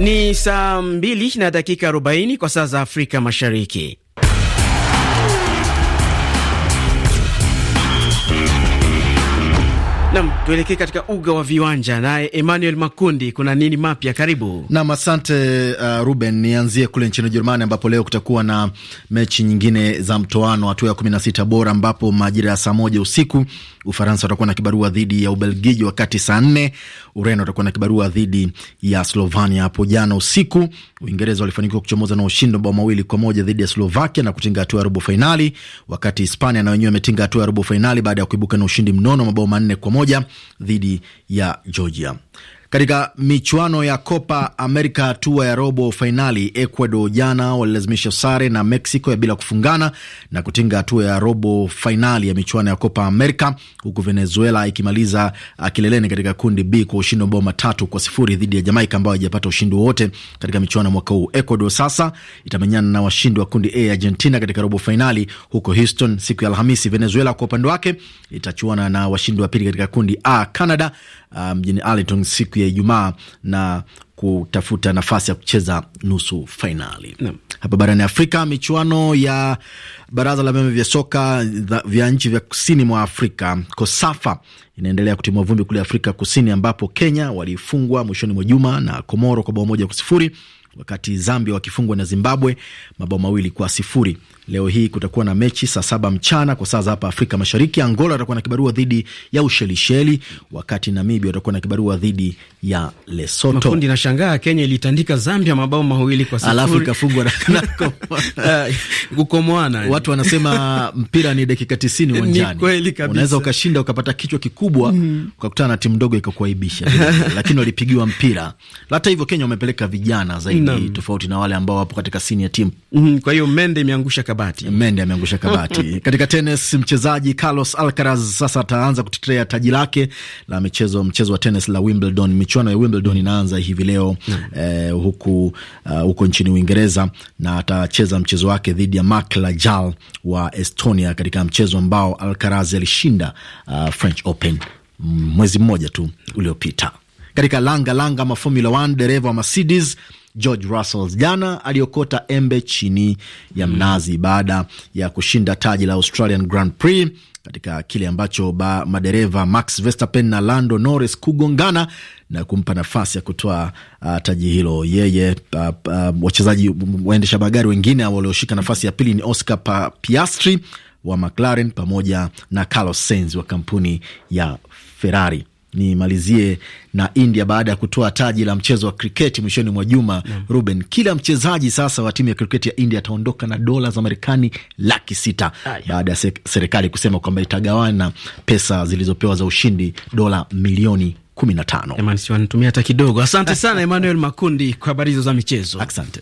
Ni saa 2 na dakika 40 kwa saa za Afrika Mashariki. Nam, tuelekee katika uga wa viwanja naye Emmanuel Makundi, kuna nini mapya? Karibu nam. Asante uh, Ruben. Nianzie kule nchini Ujerumani ambapo leo kutakuwa na mechi nyingine za mtoano hatua ya kumi na sita bora ambapo majira ya saa moja usiku Ufaransa watakuwa na kibarua dhidi ya Ubelgiji wakati saa nne Ureno watakuwa na kibarua dhidi ya Slovania. Hapo jana usiku Uingereza walifanikiwa kuchomoza na ushindi mabao mawili kwa moja dhidi ya Slovakia na kutinga hatua ya robo fainali, wakati Hispania na wenyewe imetinga hatua ya robo fainali baada ya kuibuka na ushindi mnono mabao manne kwa moja dhidi ya Georgia. Katika michuano ya Copa America hatua ya robo fainali, Ecuador jana walilazimisha sare na Mexico ya bila kufungana na kutinga hatua ya robo fainali ya michuano ya Copa America, huku Venezuela ikimaliza kileleni katika kundi B kwa ushindi wa mabao matatu kwa sifuri dhidi ya Jamaika ambayo haijapata ushindi wowote katika michuano ya mwaka huu. Ecuador sasa itamenyana na washindi wa kundi A Argentina katika robo fainali huko Houston siku ya Alhamisi. Venezuela kwa upande wake itachuana na washindi wa pili katika kundi A Canada Ah, mjini um, Arlington siku ya Ijumaa na kutafuta nafasi ya kucheza nusu fainali. No. Hapa barani Afrika, michuano ya baraza la vyama vya soka vya nchi vya kusini mwa Afrika KOSAFA inaendelea kutimua vumbi kule Afrika Kusini, ambapo Kenya walifungwa mwishoni mwa juma na Komoro kwa bao moja kwa sifuri wakati Zambia wakifungwa na Zimbabwe mabao mawili kwa sifuri. Leo hii kutakuwa na mechi saa saba mchana kwa saa za hapa Afrika Mashariki. Angola watakuwa na kibarua dhidi ya Ushelisheli, wakati Namibia watakuwa na kibarua dhidi ya Lesoto. Makundi nashangaa, Kenya ilitandika Zambia mabao mawili kwa sifuri alafu ikafungwa na kukomoana. Watu wanasema mpira ni dakika tisini uwanjani, unaweza ukashinda ukapata kichwa kikubwa mm, ukakutana na timu ndogo ikakuaibisha, lakini walipigiwa mpira. Hata hivyo Kenya wamepeleka vijana zaidi zaidi, tofauti na wale ambao wapo katika sini ya timu mm -hmm. Kwa hiyo Mende imeangusha kabati, Mende ameangusha kabati katika tenis. Mchezaji Carlos Alcaraz sasa ataanza kutetea taji lake la michezo, mchezo wa tenis la Wimbledon. Michuano ya Wimbledon inaanza hivi leo eh, huku, uh, huko nchini Uingereza na atacheza mchezo wake dhidi ya Mark Lajal wa Estonia katika mchezo ambao Alcaraz alishinda uh, French Open mwezi mmoja tu uliopita. Katika langa langa ma Formula 1 dereva wa Mercedes George Russell jana aliokota embe chini ya hmm. mnazi baada ya kushinda taji la Australian Grand Prix katika kile ambacho ba madereva Max Verstappen na Lando Norris kugongana na kumpa nafasi ya kutoa uh, taji hilo. Yeye uh, uh, wachezaji waendesha magari wengine walioshika nafasi ya pili ni Oscar Piastri wa McLaren pamoja na Carlos Sainz wa kampuni ya Ferrari. Nimalizie na India baada ya kutoa taji la mchezo wa kriketi mwishoni mwa juma mm. Ruben, kila mchezaji sasa wa timu ya kriketi ya India ataondoka na dola za Marekani laki sita baada ya serikali kusema kwamba itagawana pesa zilizopewa za ushindi dola milioni kumi na tano. Wanatumia hata kidogo. Asante sana Emmanuel Makundi kwa habari hizo za michezo, asante.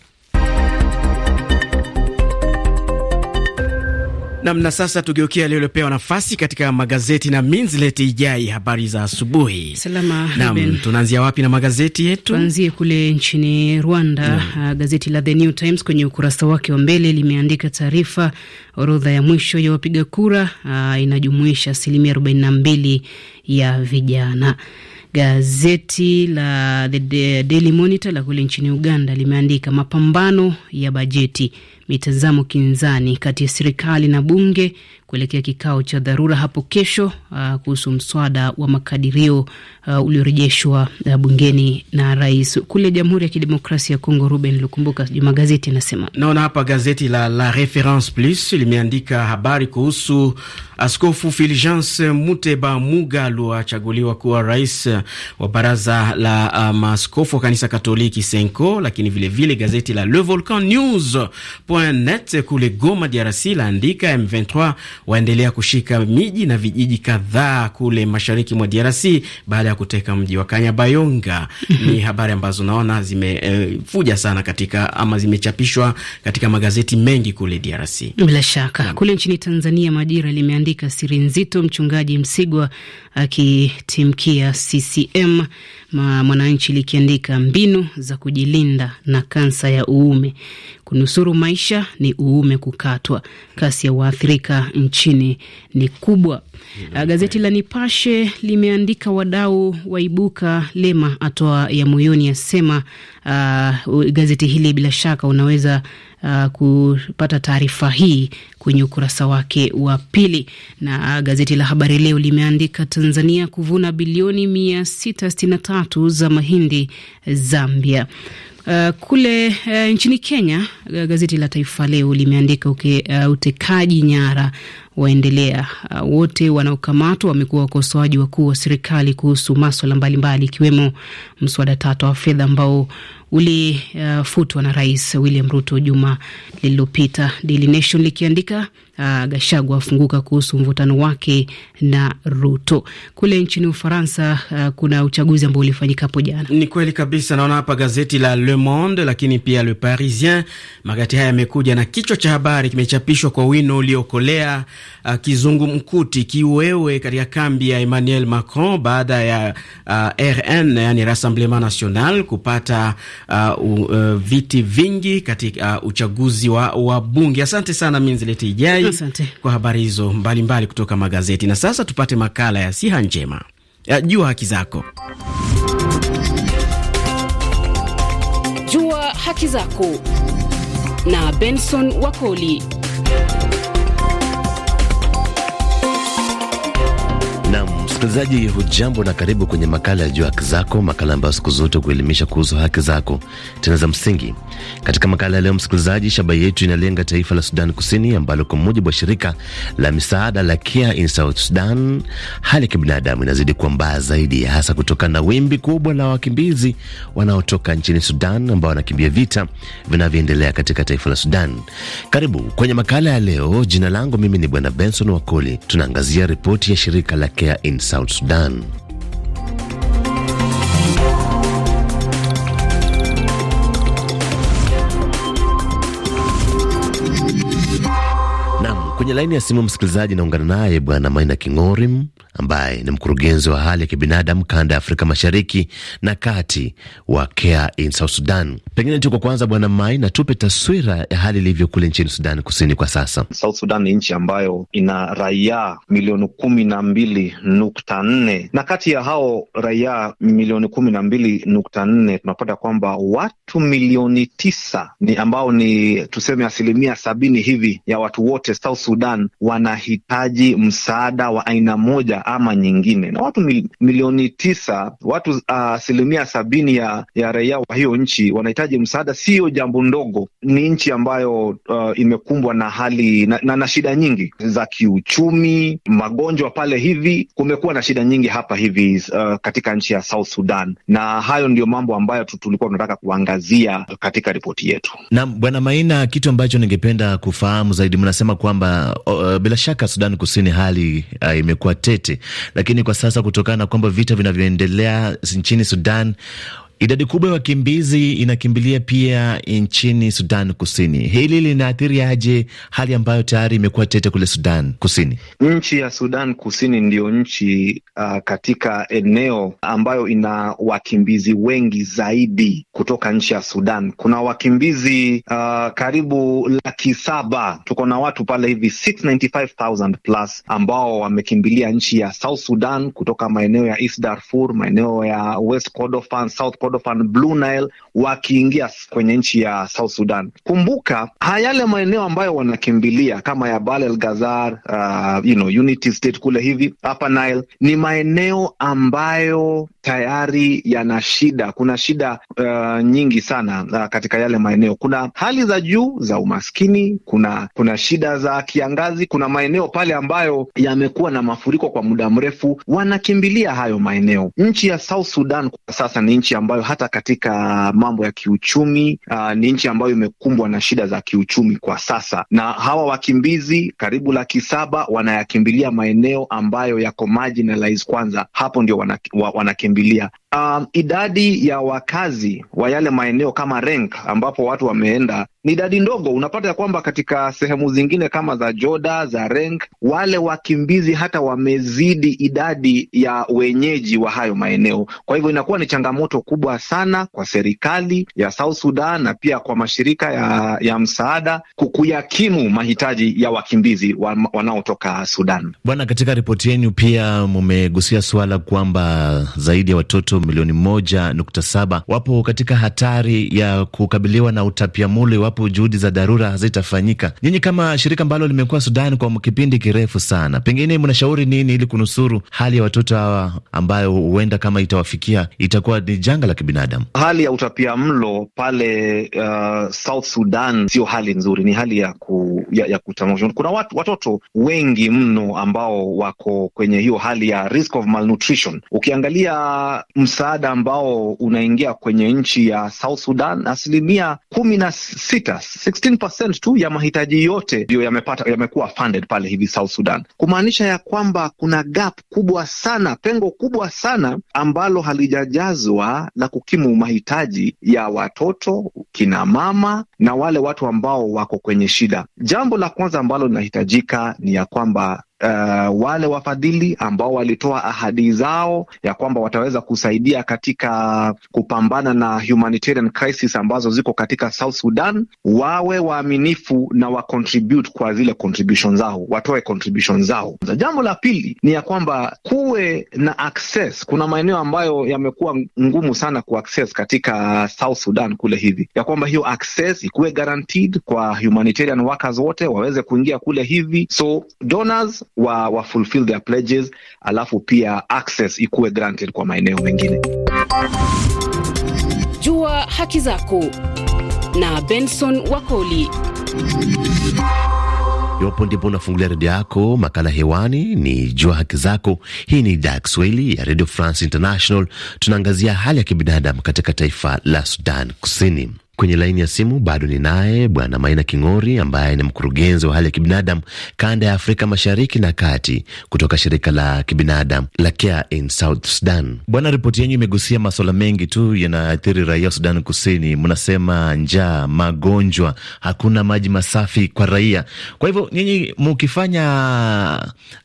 namna. Sasa tugeukia yaliyopewa nafasi katika magazeti na Minzileti Ijai. Habari za asubuhi. Salama. nam, tunaanzia wapi na magazeti yetu? Tuanzie kule nchini Rwanda. Uh, gazeti la The New Times kwenye ukurasa wake wa mbele limeandika taarifa orodha ya mwisho ya wapiga kura ah, inajumuisha asilimia 42 ya vijana. Gazeti la The Daily Monitor la kule nchini Uganda limeandika mapambano ya bajeti mitazamo kinzani kati ya serikali na bunge kuelekea kikao cha dharura hapo kesho uh, kuhusu mswada wa makadirio uh, uliorejeshwa uh, bungeni na rais. Kule Jamhuri ya Kidemokrasia ya Kongo, Ruben Lukumbuka, magazeti anasema. Naona hapa gazeti la La Reference Plus limeandika habari kuhusu Askofu Fulgence Muteba Mugalu achaguliwa kuwa rais wa baraza la maaskofu um, wa kanisa Katoliki Senko, lakini vilevile vile gazeti la Le Volcan News po Net kule Goma, DRC laandika M23 waendelea kushika miji na vijiji kadhaa kule mashariki mwa DRC baada ya kuteka mji wa Kanyabayonga. Ni habari ambazo naona zimefuja eh, e, sana katika ama zimechapishwa katika magazeti mengi kule DRC. Bila shaka na kule nchini Tanzania Majira limeandika siri nzito, mchungaji Msigwa akitimkia CCM. Mwananchi likiandika mbinu za kujilinda na kansa ya uume. Kunusuru maisha ni uume kukatwa. Kasi ya waathirika nchini ni kubwa. Gazeti la Nipashe limeandika wadau waibuka, Lema atoa ya moyoni, asema uh, gazeti hili bila shaka unaweza Uh, kupata taarifa hii kwenye ukurasa wake wa pili. Na gazeti la Habari Leo limeandika Tanzania kuvuna bilioni 663 za mahindi Zambia. Uh, kule uh, nchini Kenya uh, gazeti la Taifa Leo limeandika uke, uh, utekaji nyara waendelea. Uh, wote wanaokamatwa wamekuwa wakosoaji wakuu wa serikali kuhusu maswala mbalimbali ikiwemo mswada tatu wa fedha ambao ulifutwa uh, na Rais William Ruto juma lililopita, Daily Nation likiandika uh, ah, Gashagu afunguka kuhusu mvutano wake na Ruto. Kule nchini Ufaransa uh, kuna uchaguzi ambao ulifanyika hapo jana. Ni kweli kabisa, naona hapa gazeti la Le Monde lakini pia Le Parisien. Magazeti haya yamekuja na kichwa cha habari kimechapishwa kwa wino uliokolea uh, kizungumkuti kiwewe katika kambi ya Emmanuel Macron baada ya uh, RN yani Rassemblement National kupata uh, uh, viti vingi katika uh, uchaguzi wa, wa bunge. Asante sana Minzileti Ijai, asante kwa habari hizo mbalimbali kutoka magazeti. Na sasa tupate makala ya siha njema, jua haki zako. Jua haki zako na Benson Wakoli. Msikilizaji hujambo na karibu kwenye makala ya Jua Haki Zako, makala ambayo siku zote kuelimisha kuhusu haki zako tena za msingi. Katika makala ya leo, msikilizaji, shabaha yetu inalenga taifa la Sudan Kusini ambalo kwa mujibu wa shirika la misaada la Care in South Sudan, hali ya kibinadamu inazidi kuwa mbaya zaidi, hasa kutokana na wimbi kubwa la wakimbizi wanaotoka nchini Sudan ambao wanakimbia vita vinavyoendelea katika taifa la Sudan. Karibu kwenye makala ya leo. Jina langu mimi ni Bwana Benson Wakoli. Tunaangazia ripoti ya shirika la Care in South Sudan. Nam, kwenye laini ya simu msikilizaji, naungana naye Bwana Maina Kingorim ambaye ni mkurugenzi wa hali ya kibinadamu kanda ya Afrika Mashariki na Kati wa Care in South Sudan. Pengine tu kwa kwanza, Bwana Mai, na tupe taswira ya hali ilivyo kule nchini Sudan Kusini kwa sasa. South Sudan ni nchi ambayo ina raia milioni kumi na mbili nukta nne na kati ya hao raia milioni kumi na mbili nukta nne tunapata kwamba watu milioni tisa ni ambao ni tuseme asilimia sabini hivi ya watu wote South Sudan wanahitaji msaada wa aina moja ama nyingine, na watu mil, milioni tisa, watu ah, asilimia uh, sabini ya, ya raia wa hiyo nchi wanahitaji msaada. Siyo jambo ndogo, ni nchi ambayo uh, imekumbwa na hali na, na, na shida nyingi za kiuchumi, magonjwa pale hivi, kumekuwa na shida nyingi hapa hivi uh, katika nchi ya South Sudan, na hayo ndio mambo ambayo tulikuwa tunataka kuangazia katika ripoti yetu. Naam, Bwana Maina, kitu ambacho ningependa kufahamu zaidi, mnasema kwamba uh, bila shaka Sudan Kusini hali uh, imekuwa tete lakini kwa sasa kutokana na kwamba vita vinavyoendelea nchini Sudan Idadi kubwa ya wakimbizi inakimbilia pia nchini Sudan Kusini. Hili linaathiri aje hali ambayo tayari imekuwa tete kule Sudan Kusini? Nchi ya Sudan Kusini ndiyo nchi uh, katika eneo ambayo ina wakimbizi wengi zaidi kutoka nchi ya Sudan. Kuna wakimbizi uh, karibu laki saba. Tuko na watu pale hivi 695,000 plus ambao wamekimbilia nchi ya South Sudan kutoka maeneo ya East Darfur, maeneo ya West Kordofan, South Kordofan, Kordofan, Blue Nile wakiingia kwenye nchi ya South Sudan. Kumbuka yale maeneo ambayo wanakimbilia kama ya Bab el Ghazal, uh, you know, Unity State kule hivi hapa Nile ni maeneo ambayo tayari yana shida. Kuna shida uh, nyingi sana uh, katika yale maeneo. Kuna hali za juu za umaskini, kuna kuna shida za kiangazi, kuna maeneo pale ambayo yamekuwa na mafuriko kwa muda mrefu, wanakimbilia hayo maeneo. Nchi ya South Sudan kwa sasa ni nchi ambayo ambayo hata katika mambo ya kiuchumi uh, ni nchi ambayo imekumbwa na shida za kiuchumi kwa sasa, na hawa wakimbizi karibu laki saba wanayakimbilia maeneo ambayo yako marginalized kwanza, hapo ndio wanakimbilia Um, idadi ya wakazi wa yale maeneo kama Renk ambapo watu wameenda ni idadi ndogo. Unapata ya kwamba katika sehemu zingine kama za Joda za Renk, wale wakimbizi hata wamezidi idadi ya wenyeji wa hayo maeneo. Kwa hivyo inakuwa ni changamoto kubwa sana kwa serikali ya South Sudan na pia kwa mashirika ya, ya msaada kuyakimu mahitaji ya wakimbizi wanaotoka Sudan. Bwana, katika ripoti yenu pia mumegusia suala kwamba zaidi ya watoto watu milioni moja nukta saba wapo katika hatari ya kukabiliwa na utapiamlo iwapo juhudi za dharura hazitafanyika. Nyinyi kama shirika ambalo limekuwa Sudan kwa kipindi kirefu sana, pengine mnashauri nini ili kunusuru hali ya watoto hawa ambayo huenda kama itawafikia itakuwa ni janga la kibinadamu? Hali ya utapiamlo pale uh, South Sudan sio hali nzuri, ni hali ya, ku, ya, ya Kuna watu, watoto wengi mno ambao wako kwenye hiyo hali ya risk of malnutrition. Ukiangalia msaada ambao unaingia kwenye nchi ya South Sudan, asilimia kumi na sita 16% tu ya mahitaji yote ndio yamepata yamekuwa funded pale hivi South Sudan, kumaanisha ya kwamba kuna gap kubwa sana, pengo kubwa sana ambalo halijajazwa la kukimu mahitaji ya watoto, kina mama na wale watu ambao wako kwenye shida. Jambo la kwanza ambalo linahitajika ni ya kwamba uh, wale wafadhili ambao walitoa ahadi zao ya kwamba wataweza kusaidia katika kupambana na humanitarian crisis ambazo ziko katika South Sudan wawe waaminifu na wa kwa zile contribution zao, watoe contribution zao. Jambo la pili ni ya kwamba kuwe na access. Kuna maeneo ambayo yamekuwa ngumu sana ku access katika South Sudan kule hivi, ya kwamba hiyo access ikuwe guaranteed kwa humanitarian workers wote waweze kuingia kule hivi, so donors wa, wa fulfill their pledges, alafu pia access ikuwe granted kwa maeneo mengine. Jua haki zako na Benson Wakoli. Iwapo ndipo unafungulia redio yako, makala hewani ni jua haki zako. Hii ni idhaa ya Kiswahili ya Radio France International. Tunaangazia hali ya kibinadamu katika taifa la Sudan Kusini. Kwenye laini ya simu bado ni naye Bwana Maina King'ori ambaye ni mkurugenzi wa hali ya kibinadamu kanda ya Afrika Mashariki na Kati kutoka shirika la kibinadamu la Care in South Sudan. Bwana, ripoti yenyu imegusia masuala mengi tu yanaathiri raia wa Sudan Kusini. Mnasema njaa, magonjwa, hakuna maji masafi kwa raia. Kwa hivyo nyinyi mukifanya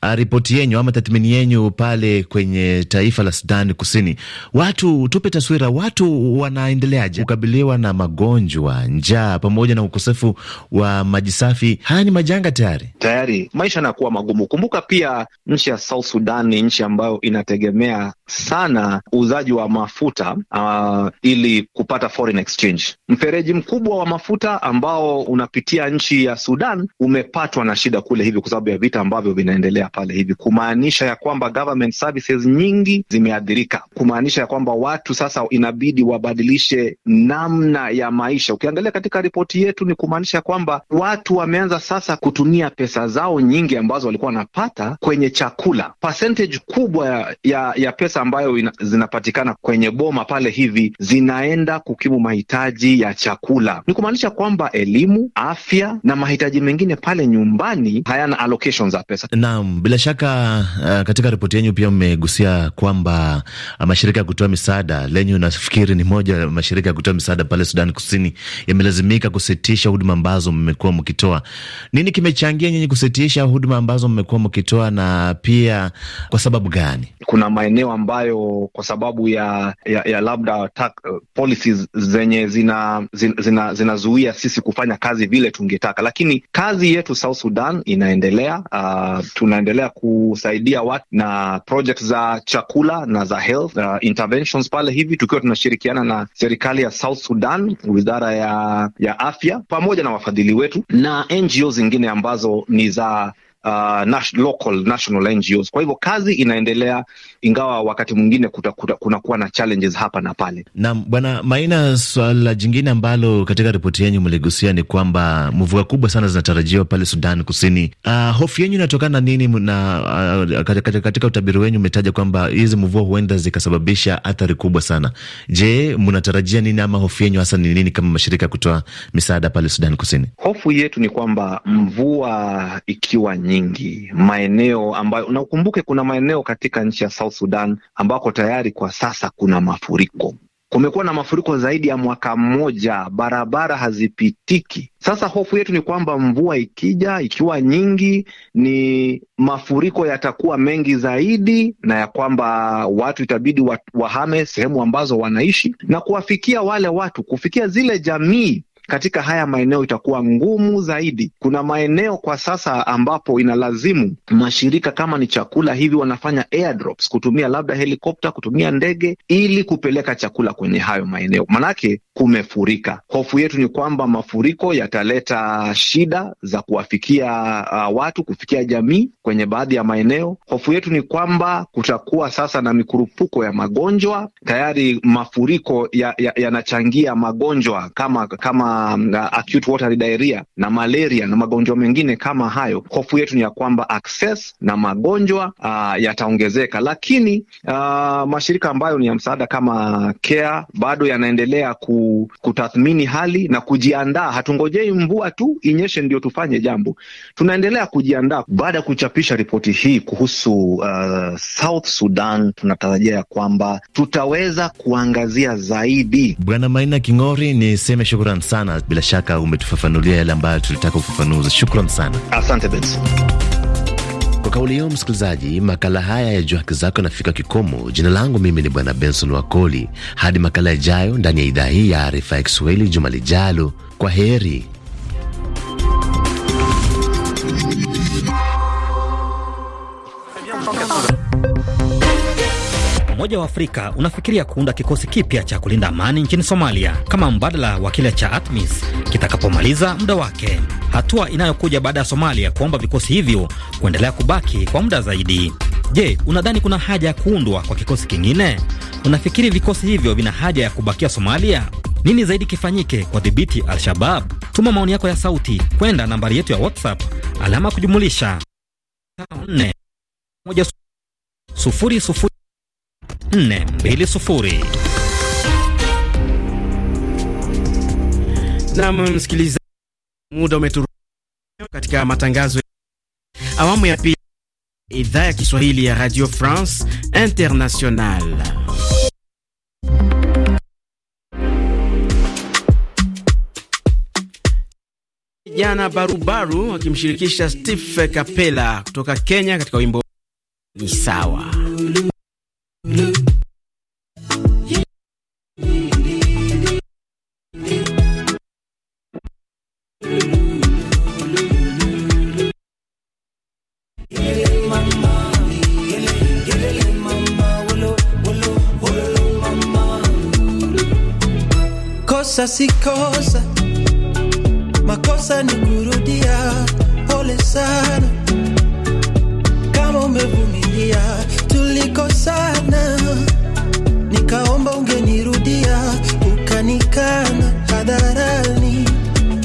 ah, ripoti yenyu ama tathmini yenyu pale kwenye taifa la Sudan Kusini, watu tupe taswira, watu wanaendeleaje kukabiliwa na magonjwa magonjwa, njaa, pamoja na ukosefu wa maji safi. Haya ni majanga tayari tayari, maisha yanakuwa magumu. Kumbuka pia nchi ya South Sudan ni nchi ambayo inategemea sana uuzaji wa mafuta uh, ili kupata foreign exchange. Mfereji mkubwa wa mafuta ambao unapitia nchi ya Sudan umepatwa na shida kule hivi kwa sababu ya vita ambavyo vinaendelea pale hivi, kumaanisha ya kwamba government services nyingi zimeathirika, kumaanisha ya kwamba watu sasa inabidi wabadilishe namna ya maisha. Ukiangalia katika ripoti yetu, ni kumaanisha kwamba watu wameanza sasa kutumia pesa zao nyingi ambazo walikuwa wanapata kwenye chakula. Percentage kubwa ya, ya, ya pesa ambayo ina, zinapatikana kwenye boma pale hivi zinaenda kukimu mahitaji ya chakula. Ni kumaanisha kwamba elimu, afya na mahitaji mengine pale nyumbani hayana allocation za pesa. Naam, bila shaka uh, katika ripoti yenyu pia mmegusia kwamba mashirika ya kutoa misaada lenyu, nafikiri ni moja mashirika ya kutoa misaada pale Sudan Kusini yamelazimika kusitisha huduma ambazo mmekuwa mkitoa. Nini kimechangia nyinyi kusitisha huduma ambazo mmekuwa mkitoa na pia kwa sababu gani? Kuna maeneo ambayo kwa sababu ya, ya, ya labda tak, uh, policies zenye zina, zina, zina, zinazuia sisi kufanya kazi vile tungetaka, lakini kazi yetu South Sudan inaendelea. Uh, tunaendelea kusaidia watu na project za chakula na za health uh, interventions pale hivi tukiwa tunashirikiana na serikali ya South Sudan wizara ya ya afya pamoja na wafadhili wetu na NGO zingine ambazo ni za uh, nas local national NGOs. Kwa hivyo kazi inaendelea, ingawa wakati mwingine kunakuwa na challenges hapa na pale. Naam, Bwana Maina, swala jingine ambalo katika ripoti yenyu mligusia ni kwamba mvua kubwa sana zinatarajiwa pale Sudan Kusini. Uh, hofu yenyu inatokana nini? Na uh, katika utabiri wenyu umetaja kwamba hizi mvua huenda zikasababisha athari kubwa sana. Je, mnatarajia nini ama hofu yenyu hasa ni nini kama mashirika ya kutoa misaada pale Sudan Kusini? Hofu yetu ni kwamba mvua ikiwa nyingi nyingi maeneo ambayo, na ukumbuke, kuna maeneo katika nchi ya South Sudan ambako tayari kwa sasa kuna mafuriko. Kumekuwa na mafuriko zaidi ya mwaka mmoja, barabara hazipitiki. Sasa hofu yetu ni kwamba mvua ikija, ikiwa nyingi, ni mafuriko yatakuwa mengi zaidi, na ya kwamba watu itabidi wahame sehemu ambazo wanaishi na kuwafikia wale watu, kufikia zile jamii katika haya maeneo itakuwa ngumu zaidi. Kuna maeneo kwa sasa ambapo inalazimu mashirika kama ni chakula hivi wanafanya airdrops, kutumia labda helikopta, kutumia ndege ili kupeleka chakula kwenye hayo maeneo, manake kumefurika. Hofu yetu ni kwamba mafuriko yataleta shida za kuwafikia uh, watu kufikia jamii kwenye baadhi ya maeneo. Hofu yetu ni kwamba kutakuwa sasa na mikurupuko ya magonjwa. Tayari mafuriko yanachangia ya, ya magonjwa kama kama kama acute watery diarrhea na malaria na magonjwa mengine kama hayo, hofu yetu ni ya kwamba access na magonjwa uh, yataongezeka, lakini uh, mashirika ambayo ni ya msaada kama CARE bado yanaendelea ku, kutathmini hali na kujiandaa. Hatungojei mvua tu inyeshe ndio tufanye jambo, tunaendelea kujiandaa. Baada ya kuchapisha ripoti hii kuhusu uh, South Sudan, tunatarajia ya kwamba tutaweza kuangazia zaidi. Bwana Maina King'ori, niseme shukrani sana sana, bila shaka umetufafanulia yale ambayo tulitaka kufafanuza. Shukran sana, asante Benson. Kwa kauli hiyo, msikilizaji, makala haya ya Jua Haki Zako yanafika kikomo. Jina langu mimi ni Bwana Benson Wakoli. Hadi makala yajayo ndani ya idhaa hii ya Arifa ya Kiswahili juma lijalo, kwa heri. Umoja wa Afrika unafikiria kuunda kikosi kipya cha kulinda amani nchini Somalia kama mbadala wa kile cha ATMIS kitakapomaliza muda wake, hatua inayokuja baada ya Somalia kuomba vikosi hivyo kuendelea kubaki kwa muda zaidi. Je, unadhani kuna haja ya kuundwa kwa kikosi kingine? Unafikiri vikosi hivyo vina haja ya kubakia Somalia? Nini zaidi kifanyike kwa dhibiti Al-Shabab? Tuma maoni yako ya sauti kwenda nambari yetu ya WhatsApp alama kujumulisha 4 sufuri sufuri 420. msikilizaji, muda katika matangazo ya awamu ya pili idhaa ya Kiswahili ya Radio France Internationale. Jana Barubaru akimshirikisha Steve Capella kutoka Kenya katika wimbo ni sawa Blue. Kosa si kosa, makosa ni kurudia. Pole sana kama umevumilia tulikosana, nikaomba ungenirudia, ukanikana hadharani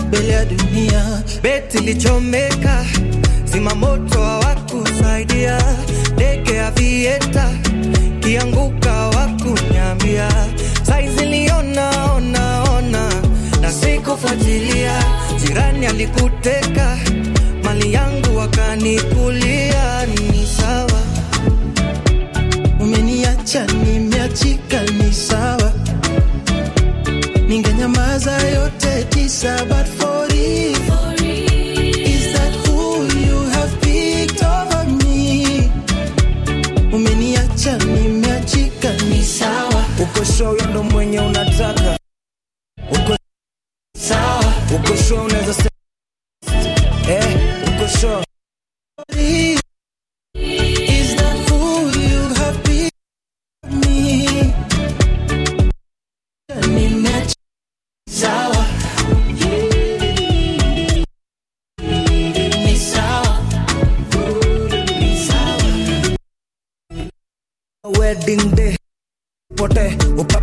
mbele ya dunia. Beti lichomeka, zimamoto moto hawakusaidia, ndege ya vieta kianguka hawakunyambia, saizi liona ona ona na sikufuatilia, jirani alikuteka mali yangu wakani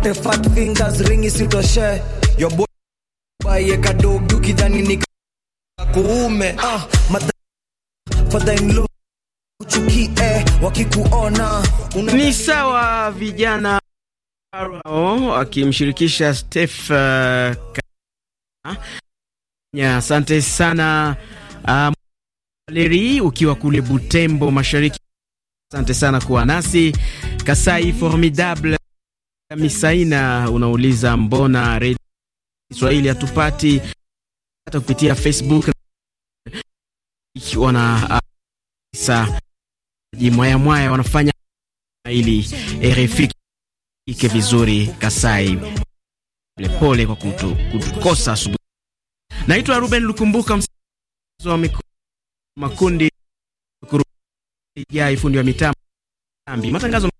Wote fat fingers ringi sitoshe Yo boy baye kadogo kidhani ni kuume ah mata fadha imlo uchukie eh, wakikuona una... ni sawa vijana Arao akimshirikisha Steph uh, ya Asante sana uh, Valeri, um, ukiwa kule Butembo Mashariki. Asante sana kuwa nasi Kasai formidable Misaina unauliza mbona redio Kiswahili hatupati hata kupitia Facebook wana ah, sa jimwaya mwaya wanafanya ili RFI ike vizuri Kasai pole kwa kutu, kutukosa asubuhi. Naitwa Ruben Lukumbuka, msimamizi wa miku, makundi jai ifundi wa mitambo matangazo